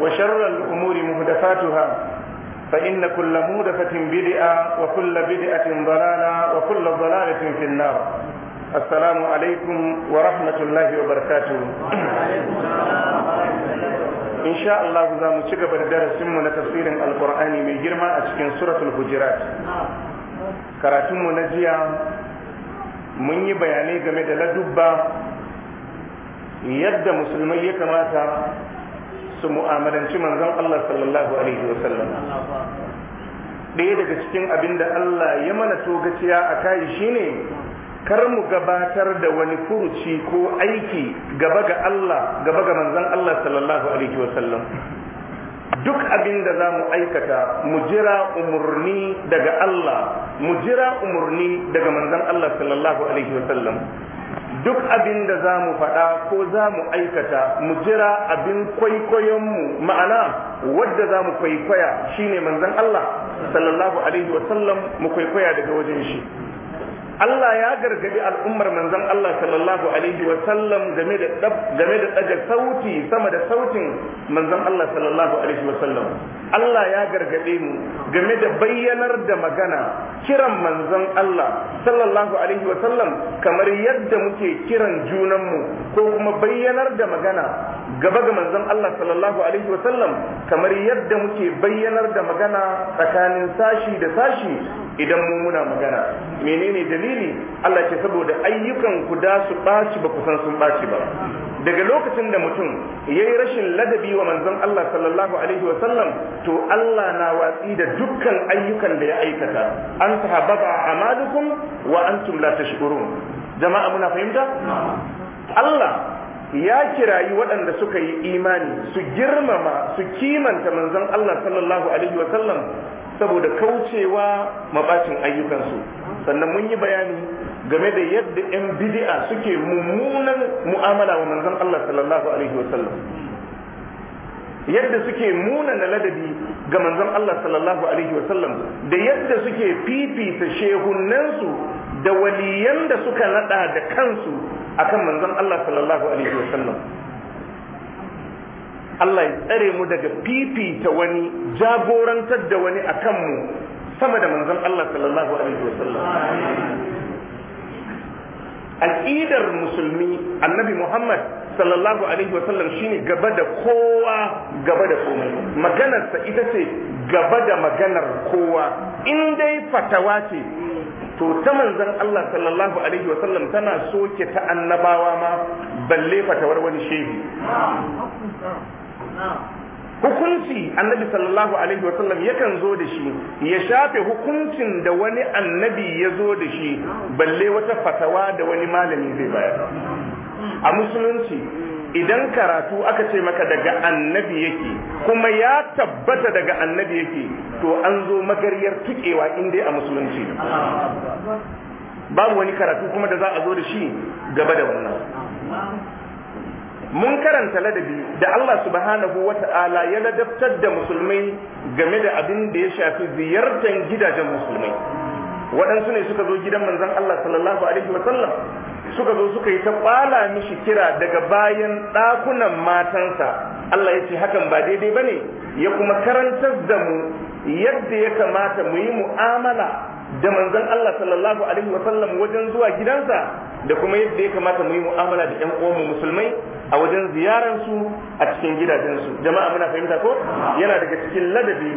وشر الأمور مهدفاتها فإن كل مهدفة kulla وكل بدعة ضلالة وكل ضلالة في النار السلام عليكم ورحمة الله وبركاته إن شاء الله za mu ci gaba da darasinmu na tafsirin alkur'ani mai girma a cikin suratul hujurat karatunmu na jiya mun yi bayanai game da ladubba yadda musulmai ya kamata su mu'amalanci manzon Allah sallallahu alaihi wa sallam ɗaya daga cikin abin da Allah ya mana togaciya a kai shine kar mu gabatar da wani furuci ko aiki gaba ga Allah gaba ga manzon Allah sallallahu alaihi wa sallam duk abin da za mu aikata mu jira umarni daga Allah mu jira umurni daga manzon Allah sallallahu alaihi wa sallam duk abin da za mu faɗa ko za mu aikata mu jira abin kwaikwayonmu ma'ana wadda za mu kwaikwaya shine manzon Allah sallallahu alaihi wasallam mu kwaikwaya daga wajen shi Allah ya gargadi al'ummar manzan Allah sallallahu alaihi wa sallam game da ɗaga sauti sama da sautin manzan Allah sallallahu alaihi wa sallam Allah ya gargade mu game da bayyanar da magana kiran manzan Allah sallallahu alaihi wa sallam kamar yadda muke kiran junanmu ko kuma bayyanar da magana gaba ga manzan Allah sallallahu alaihi wa sallam kamar yadda muke bayyanar da magana tsakanin sashi da sashi idan mu muna magana menene dalilin dalili Allah ce saboda ayyukan ku da su ɓaci ba ku san sun baci ba daga lokacin da mutum ya yi rashin ladabi wa manzon Allah sallallahu alaihi wa sallam to Allah na watsi da dukkan ayyukan da ya aikata an sahababa amalukum wa antum la tashkurun jama'a muna fahimta Allah ya kirayi waɗanda suka yi imani su girmama su kimanta manzon Allah sallallahu alaihi wa sallam saboda kaucewa mabacin ayyukansu sannan mun yi bayani game da yadda yan bid'a suke mummunan mu'amala wa manzon Allah sallallahu alaihi wasallam yadda suke munana ladabi ga manzon Allah sallallahu alaihi wasallam da yadda suke fifita shehunansu da waliyan da suka nada da kansu akan manzon Allah sallallahu alaihi wasallam Allah ya tsare mu daga fifita wani jagorantar da wani akan mu sama da manzon Allah sallallahu alaihi wasallam aqidar musulmi annabi Muhammad sallallahu alaihi wasallam shine gaba da kowa gaba da komai maganarsa ita ce gaba da maganar kowa in dai fatawa ce to ta manzon Allah sallallahu alaihi wasallam tana soke ta annabawa ma balle fatawar wani shehi hukunci annabi sallallahu alaihi wasallam yakan zo da shi ya shafe hukuncin da wani annabi ya zo da shi balle wata fatawa da wani malami zai bayar a musulunci idan karatu aka ce maka daga annabi yake kuma ya tabbata daga annabi yake to an zo magaryar tukewa inda a musulunci babu wani karatu kuma da za a zo da shi gaba da wannan mun karanta ladabi da Allah subhanahu wata'ala ya ladabtar da musulmai game da abin da ya shafi ziyartar gidajen musulmai waɗansu ne suka zo gidan manzon Allah sallallahu alaihi wa sallam suka zo suka yi ta kwala mishi kira daga bayan ɗakunan matansa Allah ya ce hakan ba daidai ba ne ya kuma karantar da mu yadda ya kamata mu yi mu'amala da manzon Allah sallallahu alaihi wa sallam wajen zuwa gidansa da kuma yadda ya kamata mu yi mu'amala da ƴan uwanmu musulmai a wajen ziyararsu a cikin gidajensu jama'a muna fahimta ko yana daga cikin ladabi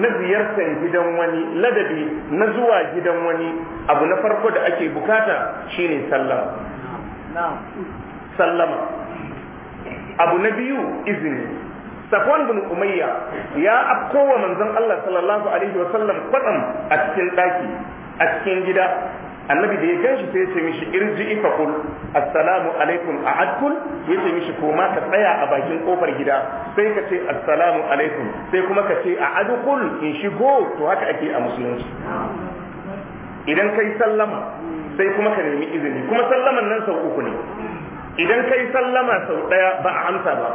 na ziyartar gidan wani ladabi na zuwa gidan wani abu na farko da ake bukata shine sallama sallama abu na biyu izini Safwan bin Umayya ya afkowa manzon Allah sallallahu alaihi wa sallam kwatsam a cikin daki a cikin gida annabi da ya ganshi sai ya ce mishi irji ifa kul assalamu alaikum a adkul ya ce mishi koma ka tsaya a bakin kofar gida sai ka ce assalamu alaikum sai kuma ka ce a adkul in shigo to haka ake a musulunci idan kai sallama sai kuma ka nemi izini kuma sallaman nan sau uku ne idan kai sallama sau daya ba a amsa ba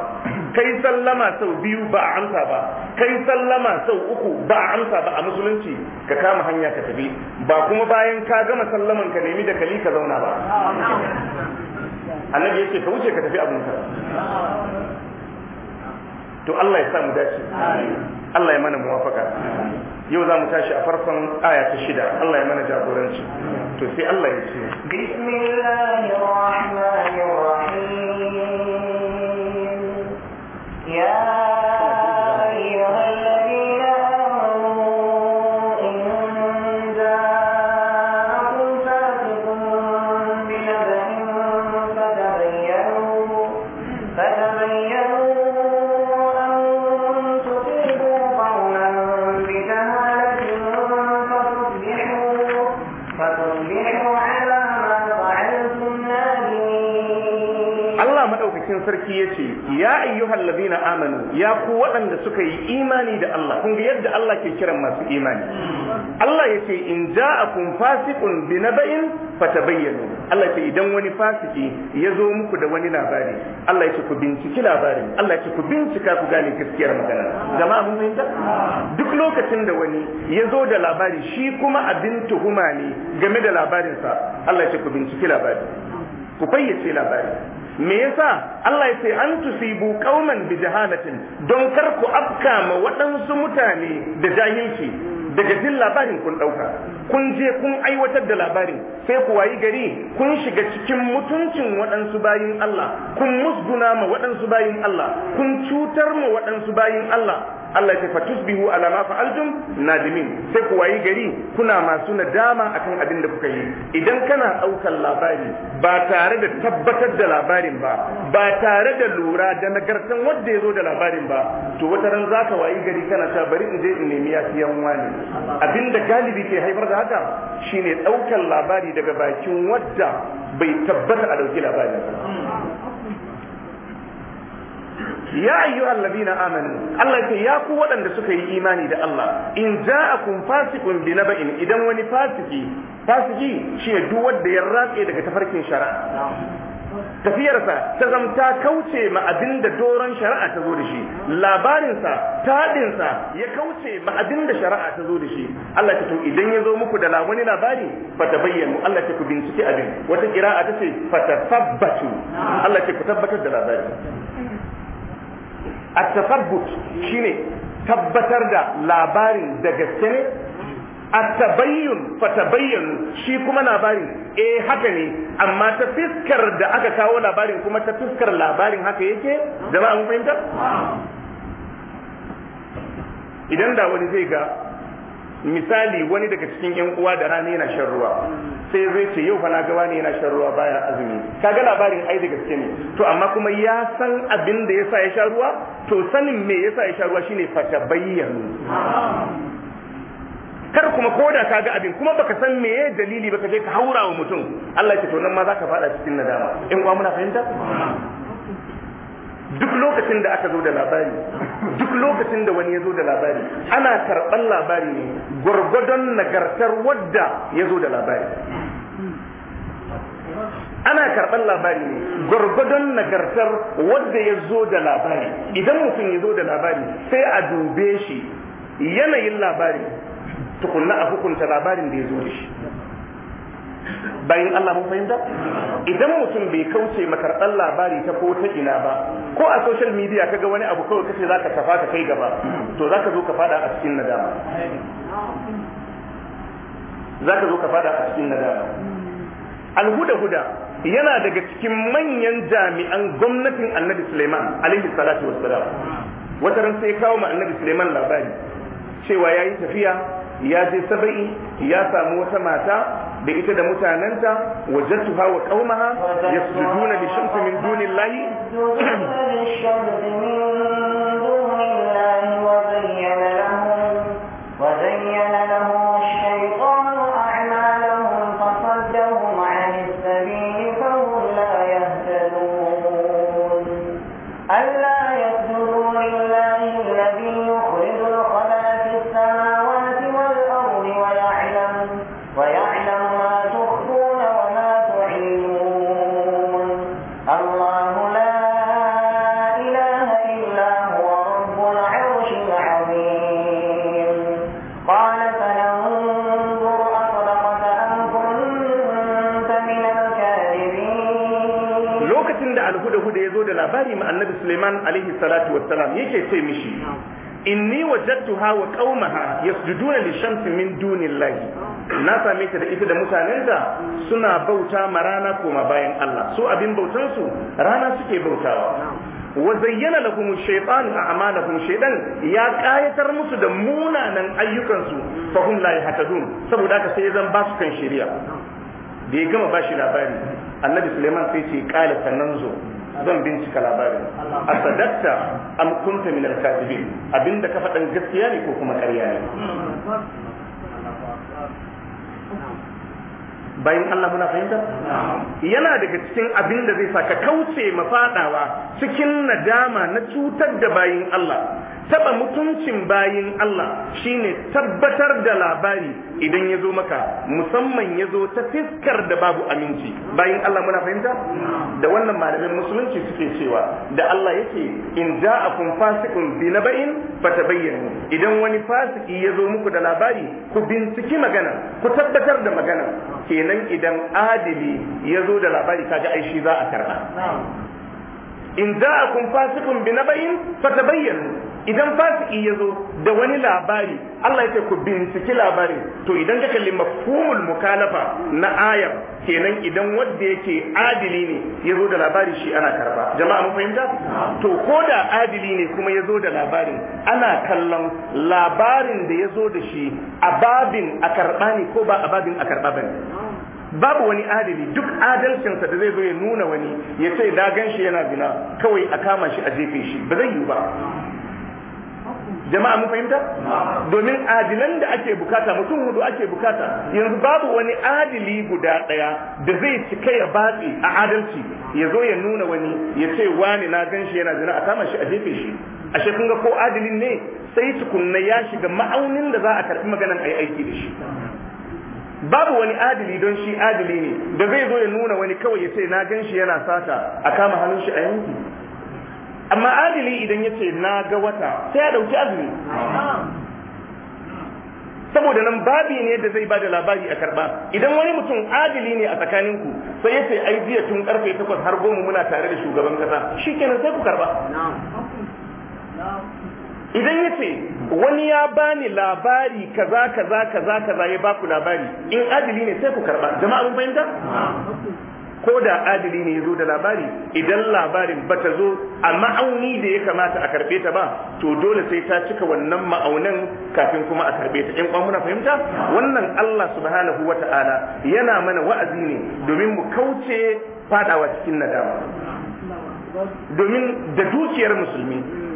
kai sallama sau biyu ba a amsa ba kai sallama sau uku ba a amsa ba a musulunci ka kama hanya ka tafi ba kuma bayan ka gama sallaman ka nemi da kali ka zauna ba annabi yake ka wuce ka tafi abinka to Allah ya sa mu dace Allah ya mana muwafaka yau za mu tashi a farkon aya ta shida Allah ya mana jagoranci to sai Allah ya ce bismillahir ya ayyuhal ladina amanu ya ku waɗanda suka yi imani da Allah kun ga yadda Allah ke kiran masu imani Allah yace in ja'akum fasiqun naba'in fatabayyanu Allah yace idan wani fasiki ya zo muku da wani labari Allah ce ku binciki labarin Allah ce ku bincika ku gane gaskiyar magana jama'a mun fahimta duk lokacin da wani ya zo da labari shi kuma abin tuhuma ne game da labarinsa Allah ce ku binciki labarin, ku fayyace labarin. me yasa Allah ya ce an tusibu qauman bi jahalatin don kar ku afka ma waɗansu mutane da jahilci daga jin labarin kun ɗauka kun je kun aiwatar da labarin sai ku wayi gari kun shiga cikin mutuncin waɗansu bayin Allah kun musguna ma waɗansu bayin Allah kun cutar ma waɗansu bayin Allah Allah ya ce fa tusbihu ala ma fa'altum nadimin sai ku wayi gari kuna masu nadama akan abin da kuka yi idan kana ɗaukar labari ba tare da tabbatar da labarin ba ba tare da lura da nagartan wanda ya zo da labarin ba to wata ran za ka wayi gari kana ta bari in je in nemi yafiyan wani abin da galibi ke haifar da haka shine ɗaukar labari daga bakin wadda bai tabbata a dauki labarin ba ya ayyuhal ladina amanu Allah ce ya ku waɗanda suka yi imani da Allah in ja'akum fasiqun bi naba'in idan wani fasiki fasiki shi duk wanda ya ratse daga tafarkin shari'a tafiyarsa ta zamta kauce ma abin da doron shari'a ta zo da shi labarinsa taɗinsa ya kauce ma abin da shari'a ta zo da shi Allah ta to idan ya zo muku da wani labari ta bayyana Allah ta ku bincike abin wata kira'a ta ce ta sabbatu Allah ta ku tabbatar da labarin. a tasabbut shine tabbatar da labarin da gaske ne a tabayyun fa shi kuma labarin eh haka ne amma ta fiskar da aka kawo labarin kuma ta fiskar labarin haka yake ba mun fahimta idan da wani zai ga misali wani daga cikin yan uwa da rana yana shan ruwa sai zai ce yau fa na ga ne yana shan ruwa baya azumi kaga labarin ai daga gaske to amma kuma ya san abin da yasa ya sha ruwa to sanin me yasa ya sha ruwa shine bayyana. kar kuma koda ka ga abin kuma baka san meye dalili baka je ka haura wa mutum Allah ya ce to nan ma zaka fada cikin nadama in uwa muna fahimta duk lokacin da aka zo da labari duk lokacin da wani ya zo da labari ana karɓar labari ne gwargwadon nagartar wadda ya zo da labari ana karɓar labari ne gwargwadon nagartar wadda ya zo da labari idan mutum ya zo da labari sai a dube shi yanayin labari tukunna a hukunta labarin da ya zo da shi bayan Allah mun fahimta idan mutum bai kauce makarɓar labari ta ko ta ina ba ko a social media kaga wani abu kawai kace zaka tafa ka kai gaba to zaka zo ka fada a cikin nadama zaka zo ka fada a cikin nadama alhuda-huda yana daga cikin manyan jami'an gwamnatin annabi Suleiman alaihi salatu wassalam wata ran sai kawo ma annabi Suleiman labari cewa yayi tafiya ya je saba'i ya samu wata mata da ita da mutanenta wajattuha wa qaumaha yasjuduna li shamsi min dunillahi labari ma annabi Suleiman alaihi salatu wassalam yake ce mishi inni wajadtuha wa qaumaha yasjuduna lishamsi min dunillahi na same ta da ita da mutanen da suna bauta ma rana koma bayan Allah su abin bautan su rana suke bautawa wa zayyana lahum shaytanu a'malahum shaytan ya kayatar musu da munanan ayyukan su fa hum la yahtadun saboda haka sai zan ba su kan shari'a da ya gama ba shi labari annabi Suleiman sai ce qala tananzu zan bincika labarin a sadatta am kunta min abinda ka faɗan gaskiya ne ko kuma ƙarya ne bayan Allah muna fahimta yana daga cikin abin da zai saka kauce faɗawa cikin nadama na cutar da bayan Allah taba mutuncin bayin Allah shine tabbatar da labari idan ya zo maka musamman ya zo ta fiskar da babu aminci bayin Allah muna fahimta da wannan malamin musulunci suke cewa da Allah yake in ja'akum fasikun bi naba'in fatabayyanu idan wani fasiki ya zo muku da labari ku binciki magana ku tabbatar da magana kenan idan adili ya zo da labari kaga ai shi za a karɓa. in kun ja'akum fasiqun binabayin bayyana idan fasiki ya zo da wani labari Allah ya ce ku binciki labari to idan ka kalli mafhumul mukalafa na ayar kenan idan wanda yake adili ne ya zo da labari shi ana karba jama'a mun fahimta to ko da adili ne kuma ya zo da labari ana kallon labarin da ya zo da shi a babin a karba ne ko ba a babin a karba bane babu wani adali duk adalcinsa da zai zo ya nuna wani ya ce da gan shi yana zina kawai a kama shi a jefe shi ba zai yi ba jama'a mun fahimta domin adilan da ake bukata mutum hudu ake bukata yanzu babu wani adili guda daya da zai cika ya batsi a adalci ya zo ya nuna wani ya ce wani na gan shi yana zina a kama shi a jefe shi ashe kun ko adilin ne sai tukunna ya shiga ma'aunin da za a karbi maganan yi aiki da shi babu wani adili don shi adili ne da zai zo ya nuna wani kawai ya ce na gan shi yana sata a kama hannun shi a yanki amma adili idan ya ce na ga wata sai ya ɗauki azumi saboda nan babi ne da zai bada labari a karba idan wani mutum adili ne a tsakaninku sai ya ce ai jiya tun karfe takwas har goma muna tare da shugaban kasa shikenan sai ku karba idan ya ce wani ya bani labari kaza kaza kaza kaza ya baku labari in adili ne sai ku karba jama'a mun bayyana ko da adili ne ya zo da labari idan labarin ba ta zo a ma'auni da ya kamata a karbe ta ba to dole sai ta cika wannan ma'aunin kafin kuma a karbe ta in kwan muna fahimta wannan Allah subhanahu wata'ala yana mana wa'azi ne domin mu kauce fadawa cikin nadama domin da dukiyar musulmi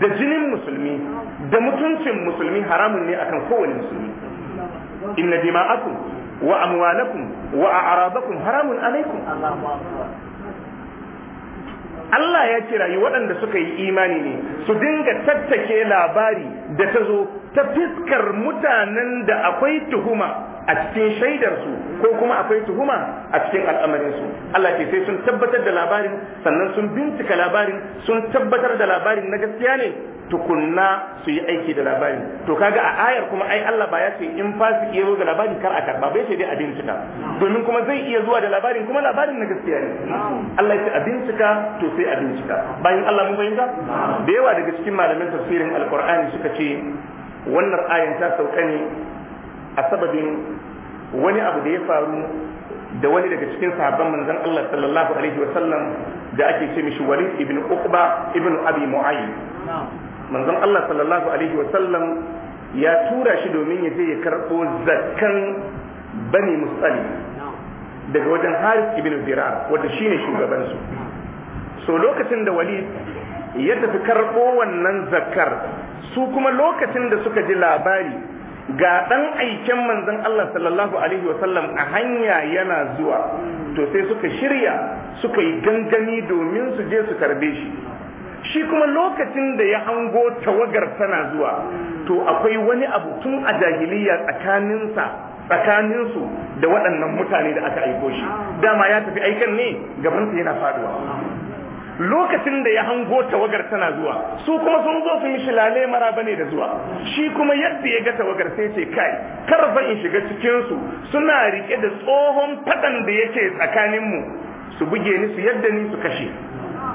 da jinin musulmi da mutuncin musulmi haramun ne akan kowane musulmi inna dima'akum wa amwalakum wa a'radakum haramun alaykum Allah ya ce yi waɗanda suka yi imani ne su dinga tattake labari da ta zo ta fiskar mutanen da akwai tuhuma a cikin shaidarsu ko kuma akwai tuhuma a cikin al'amarinsu Allah ke sai sun tabbatar da labarin sannan sun bincika labarin sun tabbatar da labarin na gaskiya ne tukunna su yi aiki da labarin to kaga a ayar kuma ai Allah ba ya ce in fasiki iya zo da labarin kar a karba bai ce dai a bincika domin kuma zai iya zuwa da labarin kuma labarin na gaskiya ne Allah ya ce a bincika to sai a bincika bayan Allah mun bayyana da yawa daga cikin malaman tafsirin alqur'ani suka ce wannan ayin ta sauka ne a sababin wani abu da ya faru da wani daga cikin sahabban manzon Allah sallallahu alaihi wa da ake ce mishi Walid ibn Uqba ibn Abi Mu'ayyi manzon Allah sallallahu alaihi wa ya tura shi domin ya je ya karbo zakkan Bani Musali daga wajen Harith ibn Dirar wanda shine shugaban su so lokacin da Walid ya tafi karbo wannan zakkar su kuma lokacin da suka ji labari ga ɗan aiken manzon Allah sallallahu alaihi wasallam a hanya yana zuwa to sai suka shirya suka yi gangami domin su je su karbe shi shi kuma lokacin da ya hango tawagar tana zuwa to akwai wani abu tun a jahiliya tsakaninsa tsakaninsu da waɗannan mutane da aka aiko shi dama ya tafi aikan ne gabansa yana faduwa lokacin da ya hango tawagar tana zuwa su kuma sun zo su mishi lale mara bane da zuwa shi kuma yadda ya ga tawagar sai ce kai kar zan in shiga cikin su suna rike da tsohon fadan da yake tsakanin mu su buge ni su yadda ni su kashe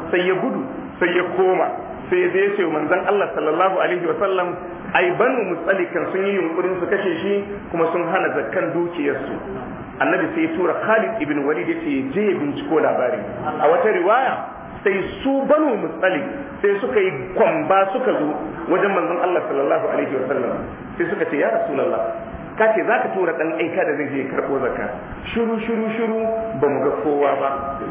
sai ya gudu sai ya koma sai da yace ce manzon Allah sallallahu alaihi wasallam ai banu mutsalikan sun yi yunkurin su kashe shi kuma sun hana zakkan dukiyarsu annabi sai ya tura Khalid ibn Walid ya ce je binciko labari a wata riwaya sai su banu mutsali sai suka yi kwamba suka zo wajen manzon Allah sallallahu alaihi wasallam sai suka ce ya rasulullah ka ce za ka tura ɗan aika da zai je karɓo zaka? shuru shuru shuru ba mu ga kowa ba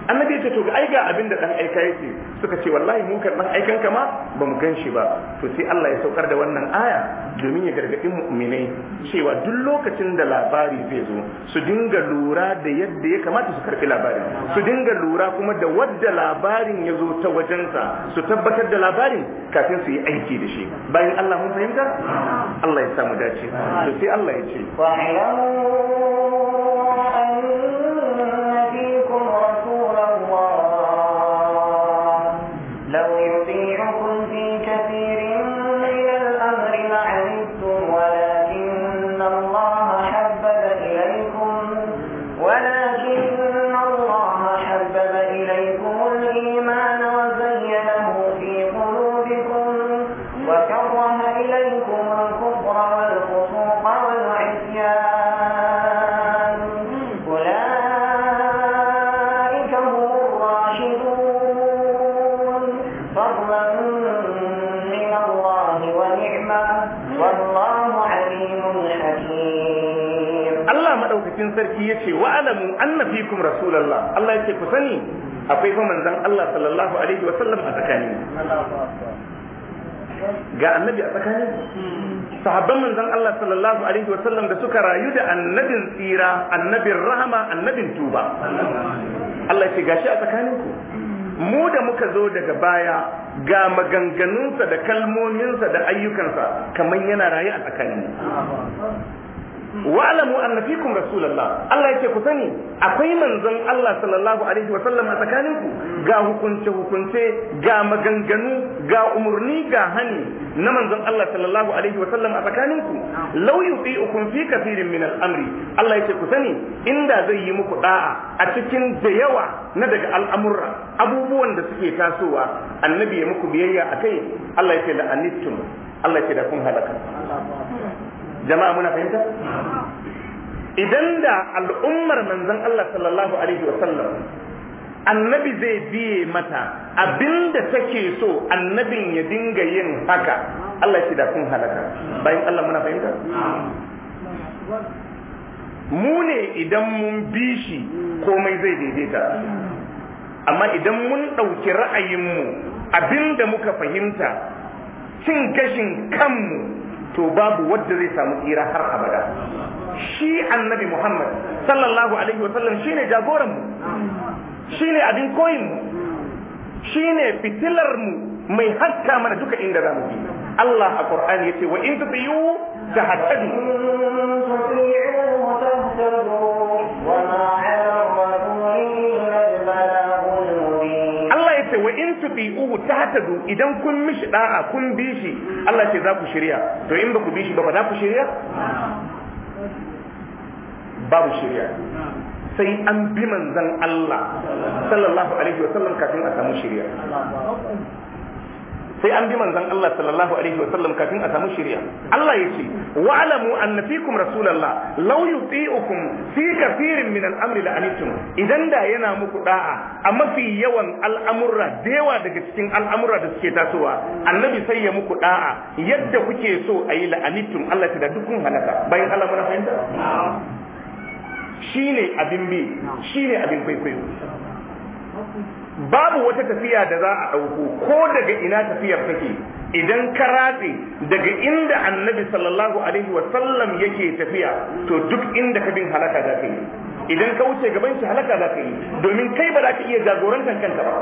annabi ya ce to ga ai ga abin da ɗan aika yake suka ce wallahi mun kan ɗan aikan ka ma ba mu gan shi ba to sai Allah ya saukar da wannan aya domin ya gargaɗi mu'minai cewa duk lokacin da labari zai zo su dinga lura da yadda ya kamata su karɓi labarin su dinga lura kuma da wadda labarin ya zo ta wajensa su tabbatar da labarin kafin su yi aiki da shi bayan Allah mun fahimta Allah ya samu dace to sai Allah ya ce واعلموا أن فيكم رسولا madaukakin sarki yace wa alamu anna fikum rasulullah Allah yace ku sani akwai fa manzon Allah sallallahu alaihi wa sallam a tsakanin ga annabi a tsakanin sahabban manzon Allah sallallahu alaihi wa sallam da suka rayu da annabin tsira annabin rahama annabin tuba Allah yace gashi a tsakanin mu da muka zo daga baya ga maganganunsa da kalmominsa da ayyukansa kamar yana raye a tsakanin wa'lamu anna fikum rasulullah Allah yake ku sani akwai manzon Allah sallallahu alaihi wa sallam a tsakaninku, ga hukunce hukunce ga maganganu ga umurni ga hani na manzon Allah sallallahu alaihi wa sallam a tsakaninku. law yuti'ukum fi kathirin min al-amri Allah yake ku sani inda zai yi muku da'a a cikin da yawa na daga al'amurra abubuwan da suke tasowa annabi ya muku biyayya akai Allah yake da anittum Allah yake da kun halaka jama'a muna fahimta idan da al'ummar manzon Allah sallallahu alaihi wasallam annabi zai biye mata abinda take so annabin ya dinga yin haka Allah shi da kun halaka bayan Allah muna fahimta mu ne idan mun bi shi komai zai daidaita amma idan mun ɗauki mu, abinda muka fahimta cin gashin kanmu to babu wadda zai samu tsira har abada shi annabi Muhammad sallallahu alaihi wa sallam shine jagoran mu shine abin koyin mu shine fitilar mu mai hakka mana duka inda zamu bi Allah a Qur'an yace wa in tufiyu tahtadu wa ma uhu du idan kun mishi ɗa'a kun bi shi Allah ce za ku shirya to in ba ku bi shi ba ba za ku shirya babu shirya sai an bi manzon Allah sallallahu alaihi sallam kafin a samu shirya sai an bi manzon Allah sallallahu alaihi wa sallam kafin a samu shari'a Allah yace wa'lamu anna fikum rasulullah law yuti'ukum fi kathirin min al-amri la'anitum idan da yana muku da'a a mafi yawan al'amurra dewa daga cikin al'amurra da suke tasowa annabi sai ya muku da'a yadda kuke so ayi la'anitum Allah ta da dukkan halaka bayan Allah mun fahimta shine abin bi shine abin kwaikwayo babu wata tafiya da za a ɗauko ko daga ina tafiyar take idan ka ratse daga inda annabi sallallahu alaihi wa sallam yake tafiya to duk inda ka bin halaka za ka yi idan ka wuce gaban shi halaka za ka yi domin kai ba za ka iya jagorantar kanka ba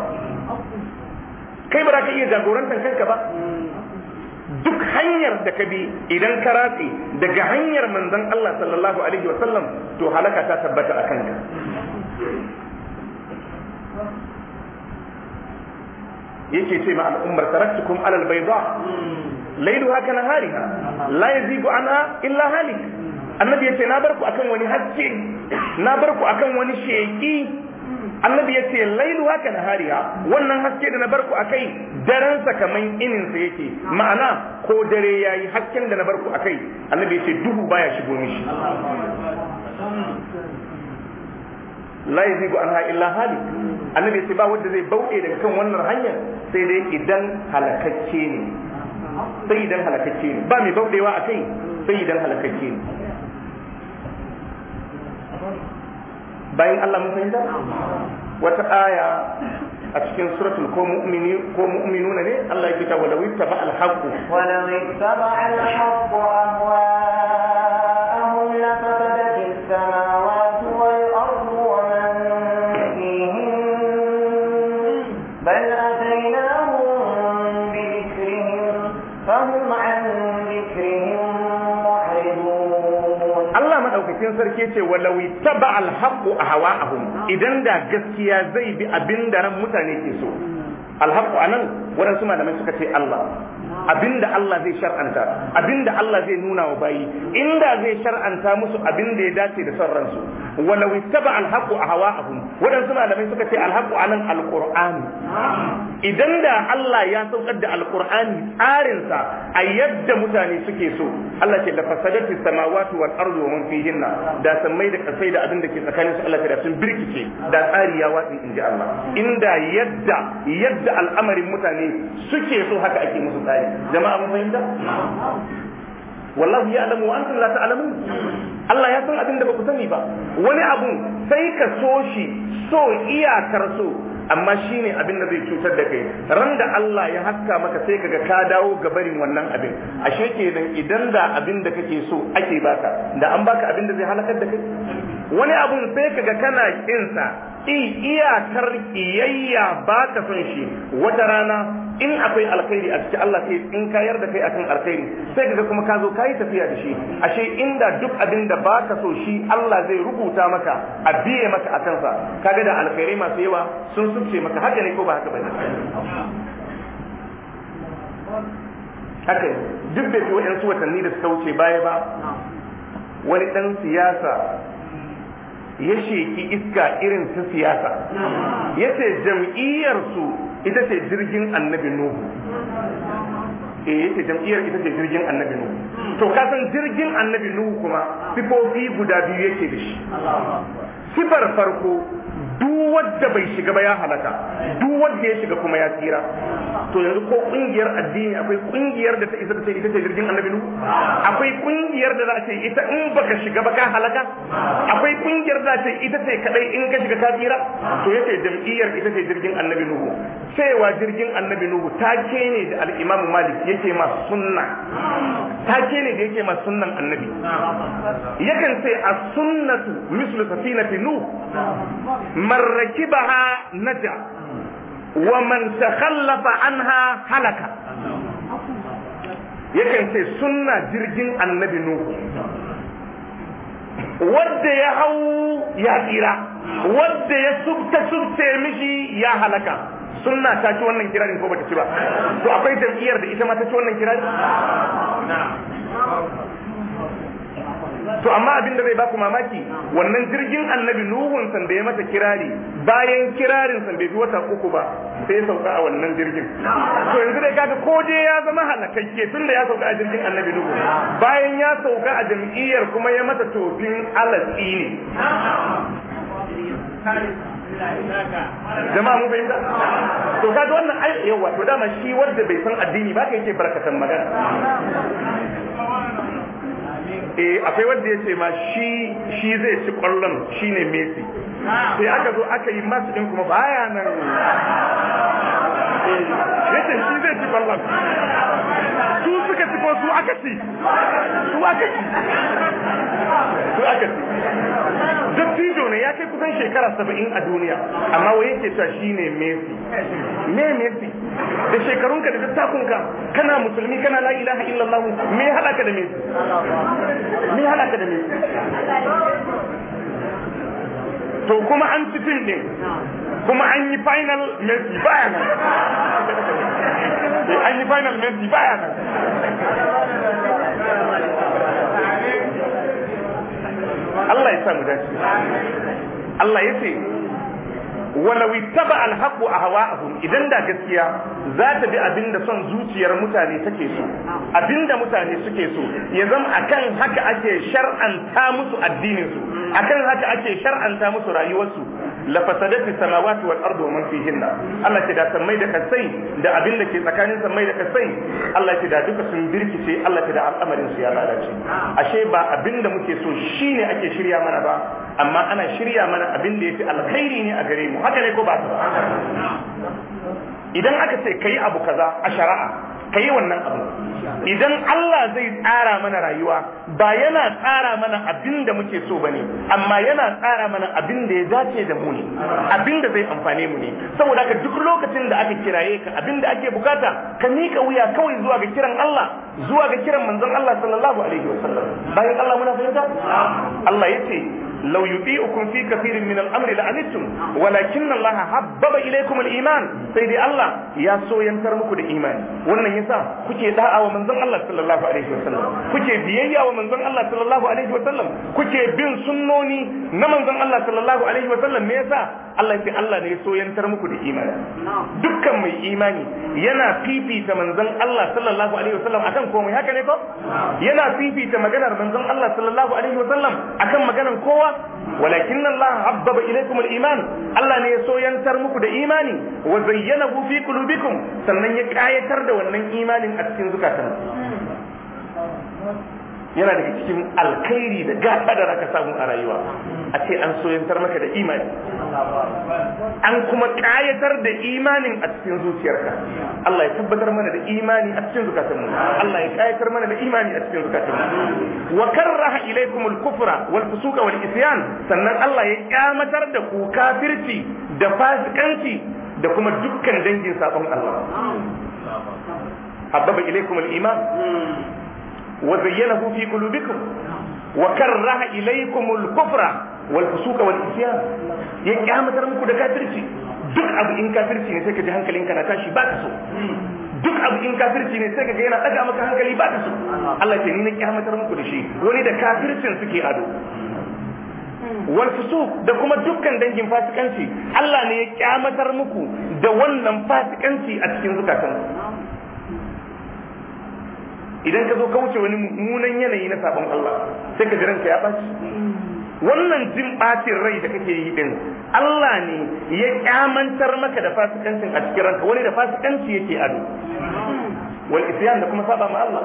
kai ba za ka iya jagorantar kanka ba duk hanyar da ka bi idan ka ratse daga hanyar manzon Allah sallallahu alaihi wa sallam to halaka ta tabbata a kanka yake ce ma al'ummar taraktukum alal bayda lailuha ka nahariha la yazigu anha illa halik annabi yace na barku akan wani haske na barku akan wani sheki annabi yace lailuha ka nahariha wannan haske da na barku akai daren sa kaman inin sa yake ma'ana ko dare yayi hasken da na barku akai annabi yace duhu baya shigo mishi la yazigu anha illa hali. annabi sai ba wanda zai bauɗe daga kan wannan hanyar sai dai idan halakacce ne sai idan halakacce ne ba mai bauɗewa a kai sai idan halakacce ne bayan Allah mun fahimta wata aya a cikin suratul ko mu'mini ko mu'minuna ne Allah ya wala wita taba al-haqqu walawi taba al-haqqu ahwa ahum la fasadat samaa sarki ce walawi taba alhaqu ahwa'ahum idan da gaskiya zai bi abinda ran mutane ke so alhaqu anan waɗansu malamai suka ce Allah abinda Allah zai shar'anta da Allah zai nuna wa bayi inda zai shar'anta musu abin da ya dace da son ransu wa law ittaba al haqu ahwa'ahum wadan suna da mai suka ce al anan al qur'ani idan da Allah ya saukar da al qur'ani tsarin sa a yadda mutane suke so Allah ce da fasadatu samawati wal ardu wa man fihinna da sammai da kasai da abin da ke tsakanin su Allah ce da sun birkice da tsari ya watsi inji Allah inda yadda yadda al'amarin mutane suke so haka ake musu tsari jama'a mun fahimta wallahi ya alamu wa antum la ta'lamun Allah ya san abin da ba ku sani ba wani abu sai ka so shi so iyakar so amma shine abin da zai cutar da kai ran da Allah ya haska maka sai kaga ka dawo ga barin wannan abin ashe kenan idan da abin da kake so ake baka da an baka abin da zai halakar da kai wani abun sai kaga kana kinsa i iyakar kiyayya ba ka son shi wata rana in akwai alkhairi a ciki Allah sai in kayar da kai akan alkhairi sai kaga kuma ka zo kai tafiya da shi ashe inda duk abin da ba ka so shi Allah zai rubuta maka a biye maka a kansa kaga da alkhairai masu yawa sun suce maka haka ne ko ba haka bane haka duk da su watanni da suka wuce baya ba wani ɗan siyasa ya sheki iska irin ta siyasa yace jam'iyyarsu ita ce jirgin annabi nuhu eh, ya ce jam'iyyar ita ce jirgin annabi nuhu to kasan jirgin annabi nuhu kuma sifofi guda biyu yake da shi sifar farko duk wanda bai shiga ba ya halaka duk wanda ya shiga kuma ya tsira to yanzu ko kungiyar addini akwai kungiyar da ta isa ta ce ita ce jirgin annabi nu akwai kungiyar da za ta ita in baka shiga ba ka halaka akwai kungiyar da ta ita ce kadai in ka shiga ka tsira to yace jam'iyyar ita ce jirgin annabi nuhu cewa jirgin annabi nuhu ce ne da al imam malik yake ma sunna Ta ce ne da yake ma sunnan annabi yakan sai as-sunnatu mislu safinati nuh man rakibaha naja wa man takhallafa anha halaka yakan ce sunna jirgin annabi nuhu wadda ya hau ya tsira wadda ya subta subta mishi ya halaka sunna ta ci wannan kirarin ko bata ci ba to akwai jam'iyyar da ita ma ta ci wannan kirarin to amma abin da zai baku mamaki wannan jirgin annabi nuhun san da ya mata kirari bayan kirarin san bai fi wata uku ba sai ya sauka a wannan jirgin to yanzu dai kaga ko je ya zama halakakke tun da ya sauka a jirgin annabi nuhu bayan ya sauka a jam'iyyar kuma ya mata tofin alatsi ne jama'a mu bai to kaga wannan ai yawa to dama shi wanda bai san addini ba kai yake barkatan magana eh akwai wanda ya ce ma shi shi zai ci kwallon shine Messi sai aka zo aka yi masu din kuma baya nan eh, yace shi zai ci kwallon su suka ci ko su aka ci su aka ci su aka ci ya kai kusan shekara saba'in a duniya amma wai yake cewa shi ne messi me messi da shekarunka da tattakunka kana musulmi kana la ilaha illallah me halaka da messi me halaka da messi to kuma an ci fim ne kuma an yi final messi baya nan eh, an yi final messi baya nan Allah ya sa mu dace Allah ya ce walau ittaba a ahwa'ahum idan da gaskiya za ta bi abinda son zuciyar mutane take so abinda mutane suke so ya zama akan haka ake shar'anta musu addinin su akan haka ake shar'anta musu rayuwar su la fasadati samawati wal ardu man fihinna Allah ce da sammai da kasai da abinda ke tsakanin sammai da kasai Allah ce da duka sun birkice Allah ce da al'amarin su ya lalace ashe ba abinda muke so shine ake shirya mana ba amma ana shirya mana abin da yafi alkhairi ne a gare mu haka ne ko ba idan aka ce kai abu kaza a shari'a kayi wannan abu idan Allah zai tsara mana rayuwa ba yana tsara mana abin da muke so ba ne, amma yana tsara mana abin da ya dace da mu ne abin da zai amfane mu ne saboda ka duk lokacin da aka kiraye ka abin da ake bukata ka mika wuya kawai zuwa ga kiran Allah zuwa ga kiran manzon Allah sallallahu alaihi wasallam bayan Allah muna fahimta Allah yace لو يطيعكم في كثير من Walakin لعنتم ولكن الله حبب اليكم الايمان سيدي الله يا سو ينتر muku da imani wannan yasa kuke da'awa manzon Allah sallallahu alaihi wasallam kuke biyayya wa manzon Allah sallallahu alaihi wasallam kuke bin sunnoni na manzon Allah sallallahu alaihi wasallam me yasa Allah sai Allah ne so yantar muku da imani dukkan mai imani yana fifita manzon Allah sallallahu alaihi wasallam akan komai haka ne ko yana fifita maganar manzon Allah sallallahu alaihi wasallam akan maganar kowa walakin Allah habbaba ilaikum al-iman Allah ne ya so yantar muku da imani wa zayyanahu fi qulubikum sannan ya kayatar da wannan imanin a cikin zukatan yana daga cikin alkhairi da gata da raka samu a rayuwa a ce an soyantar maka da imani an kuma kayatar da imanin a cikin zuciyarka Allah ya tabbatar mana da imani a cikin zukatanmu Allah ya kayatar mana da imani a cikin zukatanmu wa karraha ilaykum al-kufra wal fusuqa wal isyan sannan Allah ya kyamatar da ku kafirci da fasikanci da kuma dukkan dangin sabon Allah habbaba ilaykum al-iman وزينه في قلوبكم وكره إليكم الكفر والفسوق والعصيان ya kyamatar muku da kafirci duk abu in kafirci ne sai ka ji hankalinka na tashi ba ka so duk abu in kafirci ne sai ka ga yana daga maka hankali ba ka so Allah ce ni na kyamatar muku da shi wani da kafircin suke ado wal fusuq da kuma dukkan dangin fasikanci Allah ne ya kyamatar muku da wannan fasikanci a cikin zukatanku idan ka zo ka wuce wani munan yanayi na sabon Allah sai ka jiranka ya baci wannan jin rai da kake yi din Allah ne ya kyamantar maka da fasikancin a cikin ranka wani da fasikanci yake ado wal isyan da kuma saba ma Allah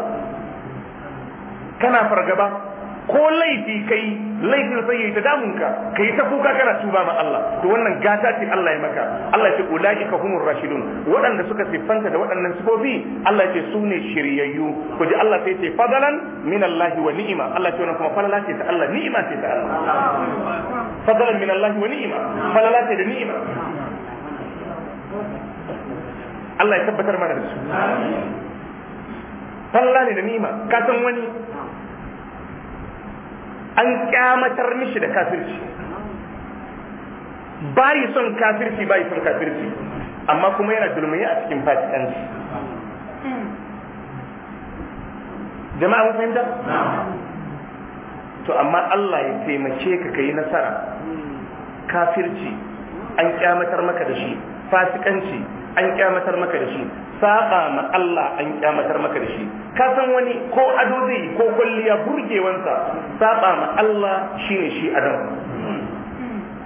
kana fargaba ko laifi kai laifin sai yayi ta damunka kai ta kuka kana tuba ma Allah to wannan gata ce Allah ya maka Allah ya ce ka humur rashidun waɗanda suka siffanta da waɗannan sifofi Allah ya ce su ne shiryayyu ku ji Allah sai ce fadalan min Allah wa ni'ima Allah ce wannan kuma falala ce ta Allah ni'ima ce ta Allah fadalan min Allah wa ni'ima falala ce da ni'ima Allah ya tabbatar mana da su falala ne da ni'ima ka san wani an kyamatar mishi da kafirci Bayi son kafirci bai son kafirci amma kuma yana dulmiye a cikin fasikanci jama'a mun fahimta to amma Allah ya taimake ka kai nasara kafirci an kyamatar maka da shi fasikanci an kyamatar maka da shi saba ma Allah an kyamatar maka da shi ka san wani ko ado zai ko kwalliya burgewansa saba ma Allah shine shi adam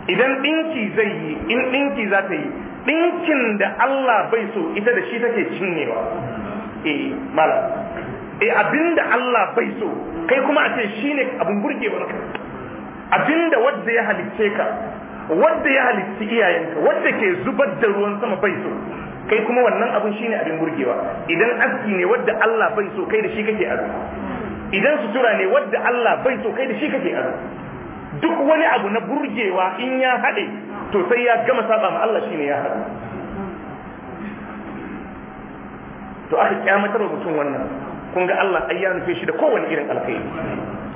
idan dinki zai yi in dinki za ta yi dinkin da Allah bai so ita da shi take cinyewa eh mala eh abinda Allah bai so kai kuma a ce shine abin burgewanka abinda wanda ya halicce ka wanda ya halicci iyayenka wanda ke zubar da ruwan sama bai so kai kuma wannan abin shine abin burgewa idan aski ne wadda Allah bai so kai da shi kake ado idan sutura ne wadda Allah bai so kai da shi kake ado duk wani abu na burgewa in ya haɗe to sai ya gama saba ma Allah shine ya haɗu to aka kyamatar mutum wannan kun ga Allah ai ya nufe shi da kowane irin alkhairi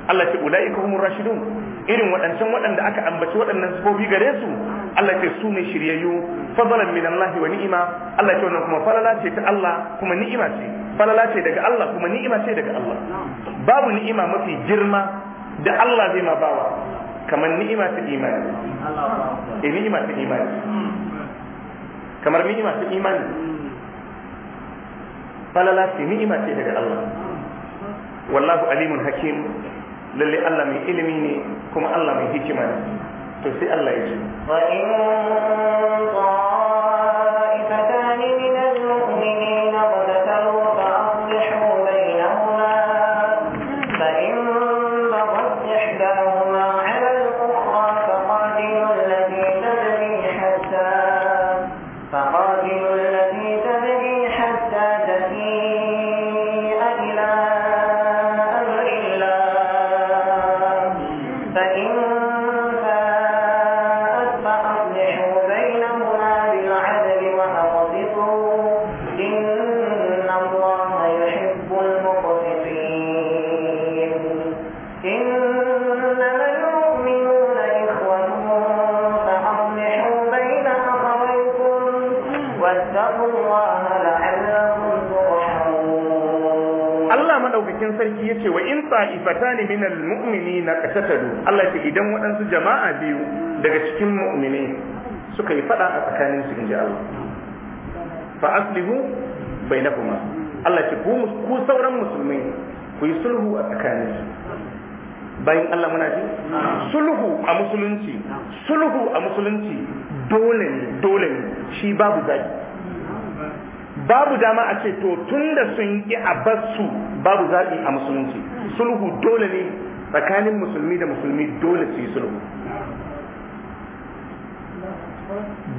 Allah ce ulaika humur rashidun irin waɗancan waɗanda aka ambaci waɗannan sifofi gare su Allah ce su ne shiryayyu fadlan min Allah wa ni'ima Allah ce wannan kuma falala ce ta Allah kuma ni'ima ce falala ce daga Allah kuma ni'ima ce daga Allah babu ni'ima mafi girma da Allah zai ma bawa kamar ni'ima ta imani eh ni'ima ta imani kamar ni'ima ta imani falala ce ni'ima ce daga Allah wallahu alimun hakim lalle Allah mai ilimi ne kuma Allah mai hikima ne to sai Allah ya ce ta'ifatani minal mu'minina qatatalu Allah ya idan waɗansu jama'a biyu daga cikin mu'mini suka yi fada a tsakanin su inji Allah fa aslihu bainakuma Allah ya ku ku sauran musulmi ku yi sulhu a tsakanin su bayan Allah muna ji sulhu a musulunci sulhu a musulunci dole ne dole ne shi babu zaki babu dama a ce to tunda sun yi a basu babu zaɓi a musulunci sulhu dole ne tsakanin musulmi da musulmi dole su yi sulhu